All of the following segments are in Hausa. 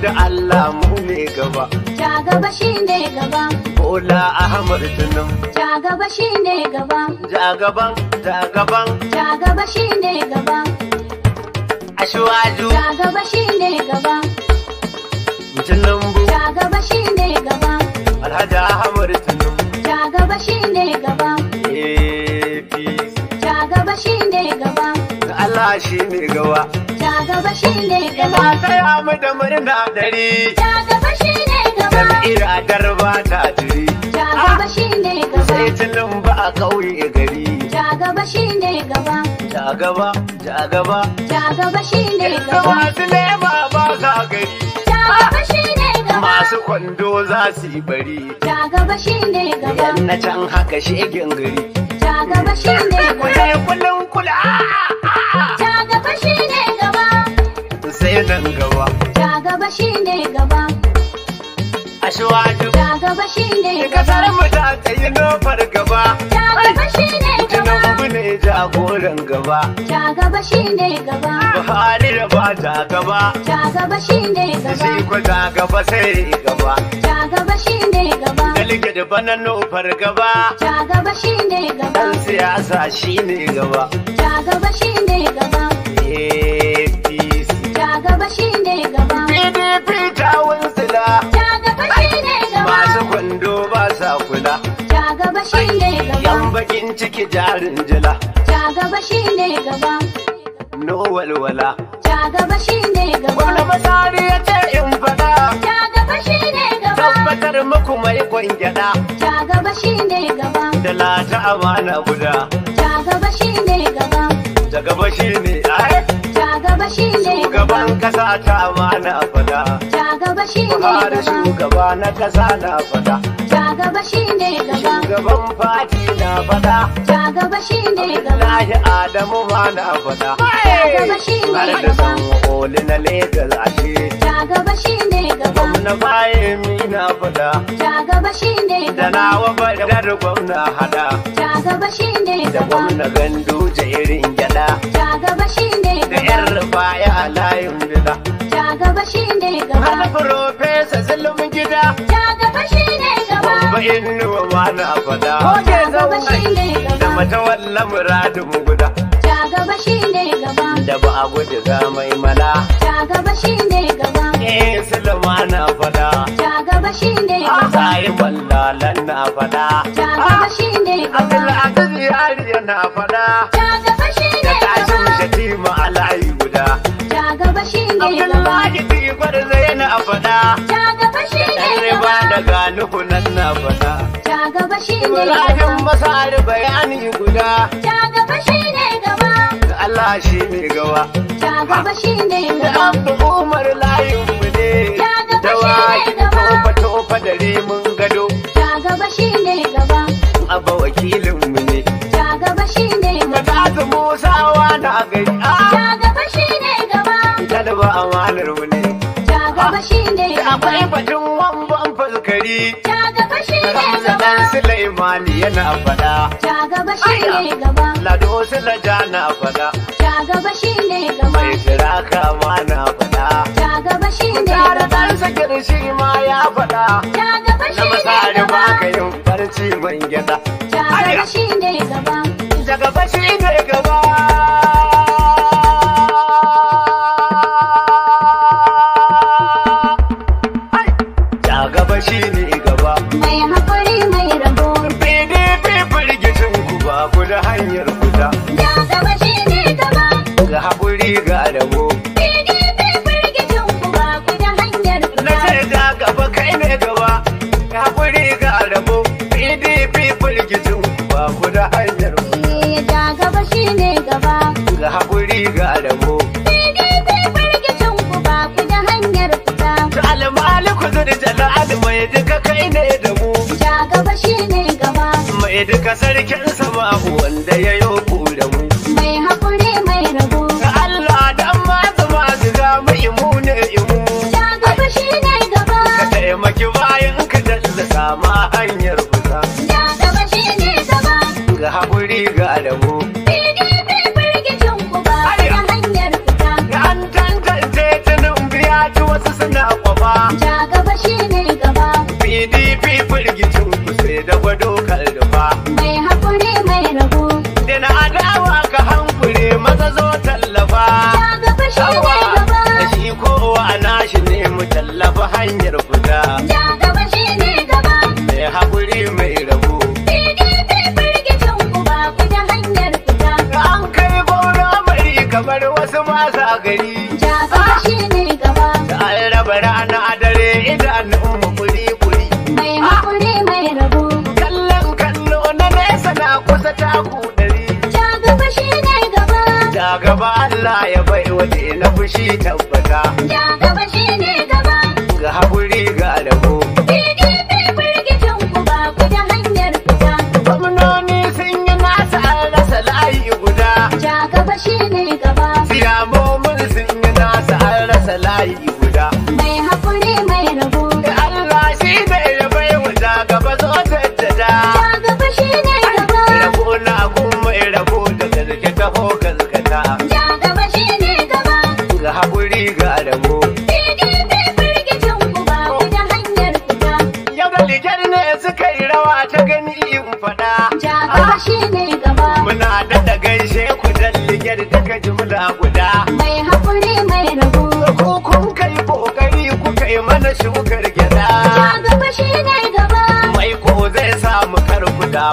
da Allah mu ne gaba. Ja gaba shi ne gaba. Bola Ahmad Tunum. Ja gaba shi ne gaba. Ja gaban, ja gaban. Ja gaba shi ne gaba. Ashwaju. Ja gaba shi ne gaba. Tunumbu. Ja gaba shi ne gaba. Alhaji Ahmad Tunum. Ja gaba shi ne gaba. APC. Ja gaba shi ne gaba. Allah shi ne gawa. Ja gaba shi ne gaba. Sai amu da murna dare. Ja gaba shi ne gaba. Jam'ira ba ta jiri. Ja gaba shi ne gaba. Sai tilin ba a ƙauye gari. Ja gaba shi ne gaba. Ja gaba, ja gaba. Ja gaba shi ne gaba. Masu lema ba za gari. Ja gaba shi ne gaba. Masu kwando za su yi bari. Ja gaba shi ne gaba. Yan na can haka shegen gari. Ja gaba shi ne gaba. Kullum kula. Ta gaba shi ne gaba. Sai nan gaba. Ta gaba shi ne gaba. A shiwaju. Ta gaba shi ne gaba. Kasar mu ta tsayi nofar gaba. Ta gaba shi ne gaba. jagoran gaba. Ja gaba shine gaba. Buhari da ba ja gaba. Ja gaba shine gaba. Sai ko ja gaba sai gaba. Ja gaba shine gaba. Dalike da banan nufar gaba. Ja gaba shine gaba. Dan siyasa shine gaba. Ja gaba shine gaba. APC. Ja gaba shine gaba. PDP jawon gaba shine gaba. Yan bakin ciki jarin jila. Ja gaba shine gaba. No walwala. Ja gaba shine gaba. wani masari ya ce in faɗa. Ja gaba shine gaba. Tabbatar muku mai kwangyada. Ja gaba shine gaba. Da lata amana guda. Ja gaba shine gaba. Ja gaba shine ai. Ja gaba shine gaba. Shugaban kasa ta amana fada. gaba shugaba na kasa na fada ja gaba shi ne gaba shugaban fati na fada ja gaba shi ne gaba lahi adamu ba na fada ja gaba shi ne gaba da san koli na legal ake. ce ja gaba shi ne gaba gwamna baye mi na fada ja gaba shi ne gaba da nawa badar gwamna hada ja gaba shi ne gaba da gwamna gandu ja irin gyada ja gaba shi ne gaba da yar rufaya a layin bida ja gaba shi ne gaba wani profesa zulumin gida ja gaba shi ne gaba ba inuwa wani abada ko ja gaba shi ne gaba da matawalla muradin guda ja gaba shi ne gaba da ba a guji za mai mala ja gaba shi ne gaba eh sulama na fada ja gaba shi ne gaba sai wallalan na fada ja gaba shi ne gaba abdul aziz yari na fada na gaba shi ne gaba. masari bayani guda. Ja gaba shi ne gaba. Ga Allah shi ne gaba. shi ne gaba. Da umar layin shi ne gaba. Tofa tofa gado. shi ne gaba. Abba wakilin mu ne. shi ne gaba. Musa gari. Ah! shi ne gaba. amanar mu ne. shi ne gaba. Akwai wamban fuskari. Suleimani yana fada. Ja gaba gaba. Lado na fada. Ja gaba shi gaba. Mai jira fada. gaba gaba. shi ma ya fada. Ja gaba shi gaba. Na ba gaba gaba. gaba ne gaba. Ga haƙuri ga rabo. Almaliku zuri jala'ad mai duka kai ne gaba. sarkin sama wanda ya yi da mu. Mai haƙuri mai rabo. Ga Allah dan ma zama imu ne imu. Ja gaba shi ne gaba. Ka taimaki bayan ka da ma hanya. na kwafa. Ja gaba shi gaba. PDP sai da gwado kaldufa. Mai hakuri mai rabo. Da na adawa ka hankuri maza zo tallafa. Ja gaba shi gaba. Da shi kowa shi ne mu tallafa hanyar fita. Ja PDP ku ba ku da An kai kamar wasu masa gari. gaba Allah ya bai wa na fushi ta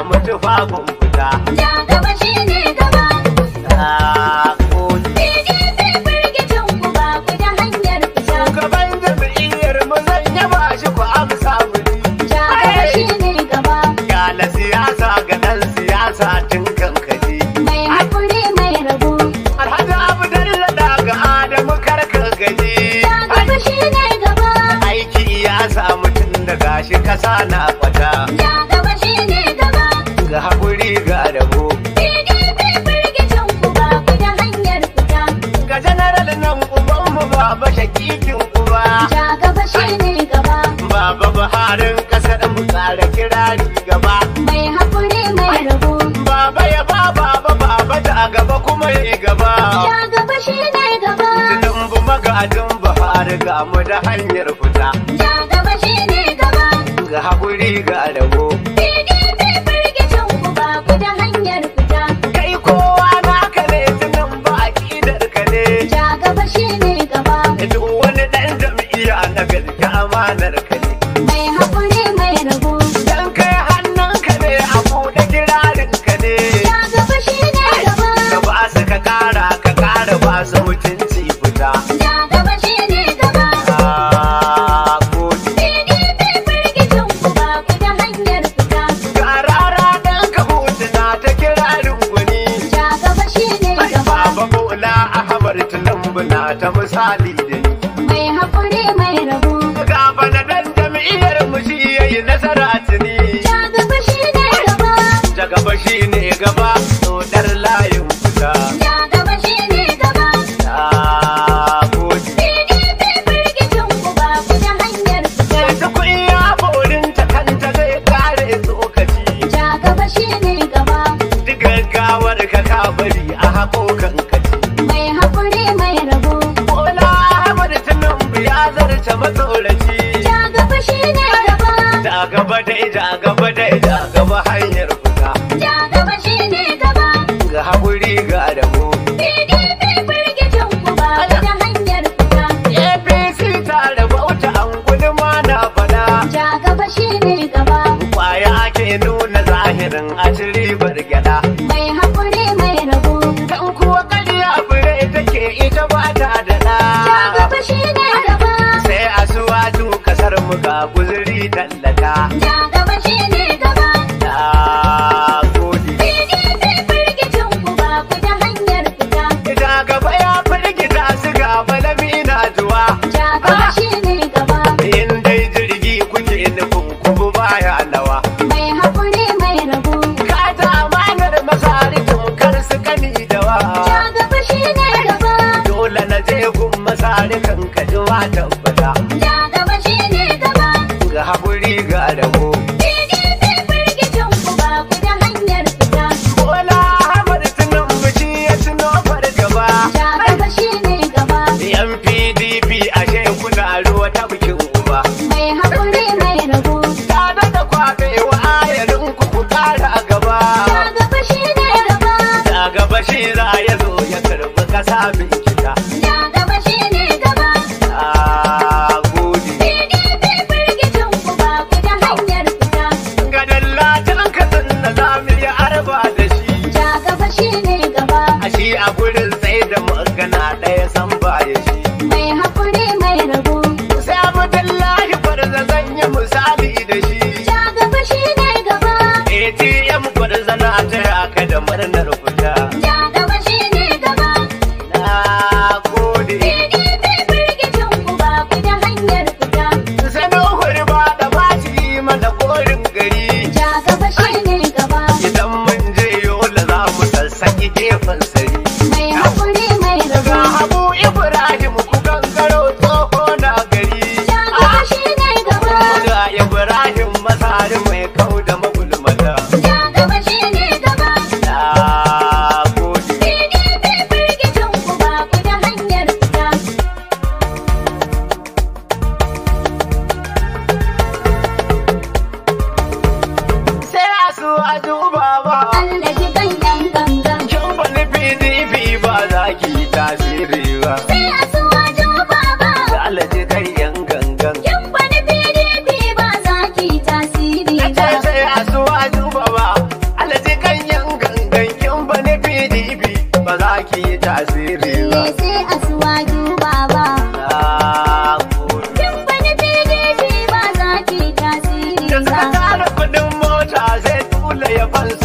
咱们就发工资啊！baba shakikin uwa ja gaba shine gaba baba baharin kasar mu tsara kirari gaba mai hakuri mai rabo baba ya ba baba baba da gaba kuma ne gaba ja gaba shine gaba tudun bu magadin bahar ga mu da hanyar fita ja gaba shine gaba ga hakuri ga rabo haƙo kan kaci. Mai haƙuri mai rabo. Bola Ahmad Tinubu ya zarce matsoraci. Ja gaba shi ne gaba. Ja gaba dai ja gaba dai ja gaba hanyar fita. Ja gaba shi ne gaba. Ga haƙuri ga rabo. PDP firgicin ku ba da hanyar fita. APC ta rabauta an gudu ma na fada. Ja gaba shi ne gaba. Kwaya ake nuna zahirin a cire ribar al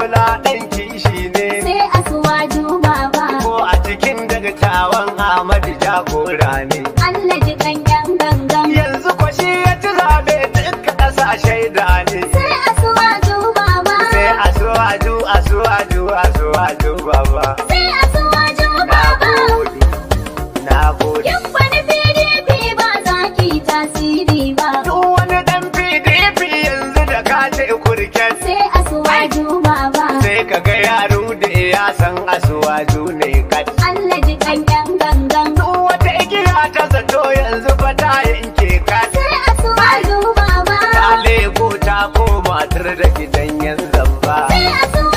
bola ɗan shi ne. Sai asuwaju ba Ko a cikin dagatawan Ahmadu jagora ne. Allah ji 'Yan gangan. Yanzu kwashi ya ci zaɓe duk ƙasa shaida ne. tumatir da gidan yan zamba. Sai a gangan.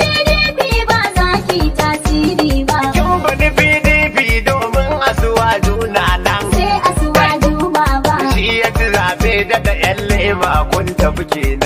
PDP ba za ki tasiri ba. PDP domin a juna nan. Sai a zaɓe daga yan lema kun tafi kenan.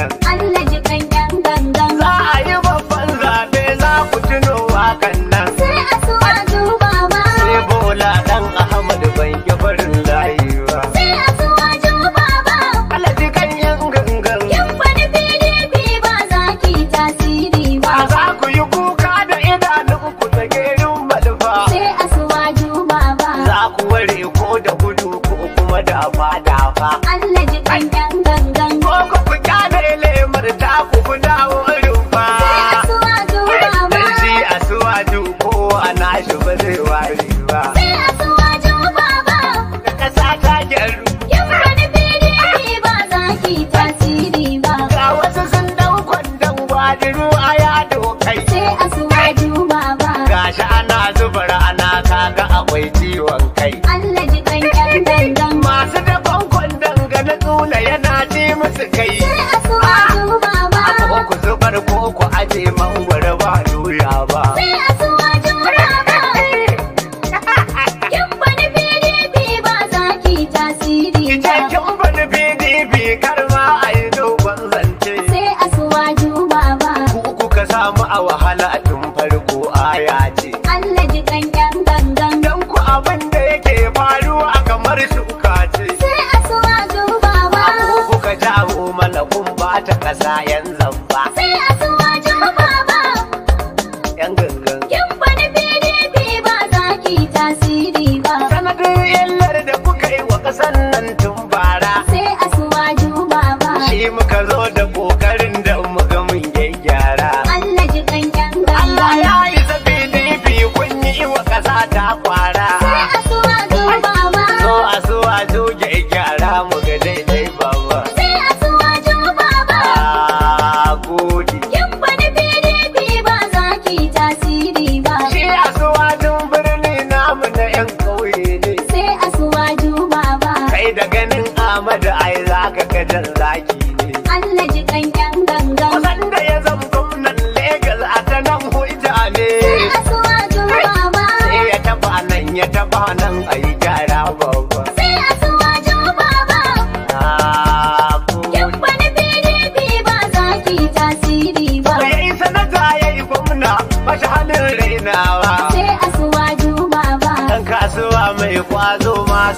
ƙasan nan tun bara. Sai asuwa juba ba. Shi muka zo.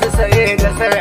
se ve, ya se ve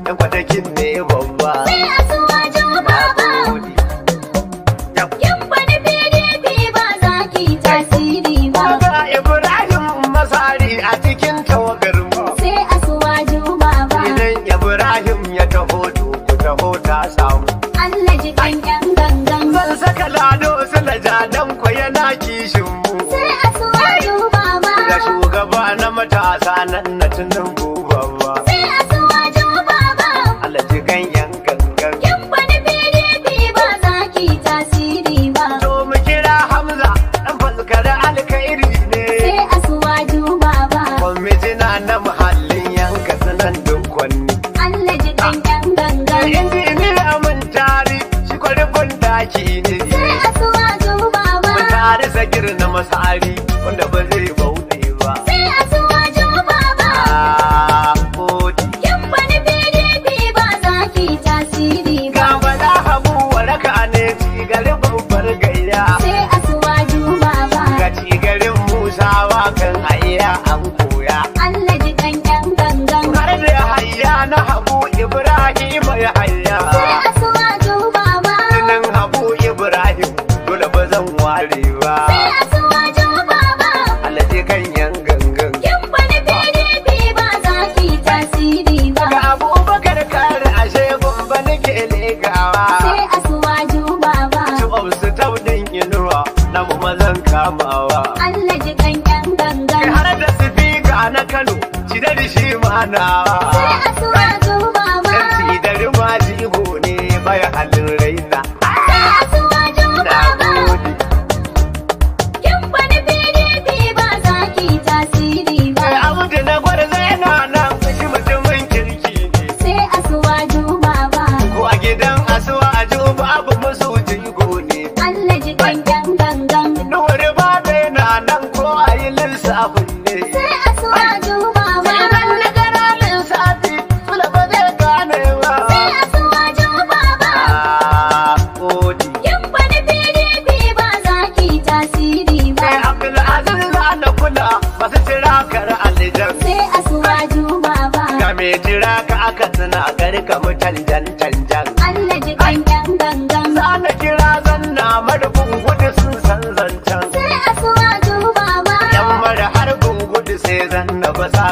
What's up?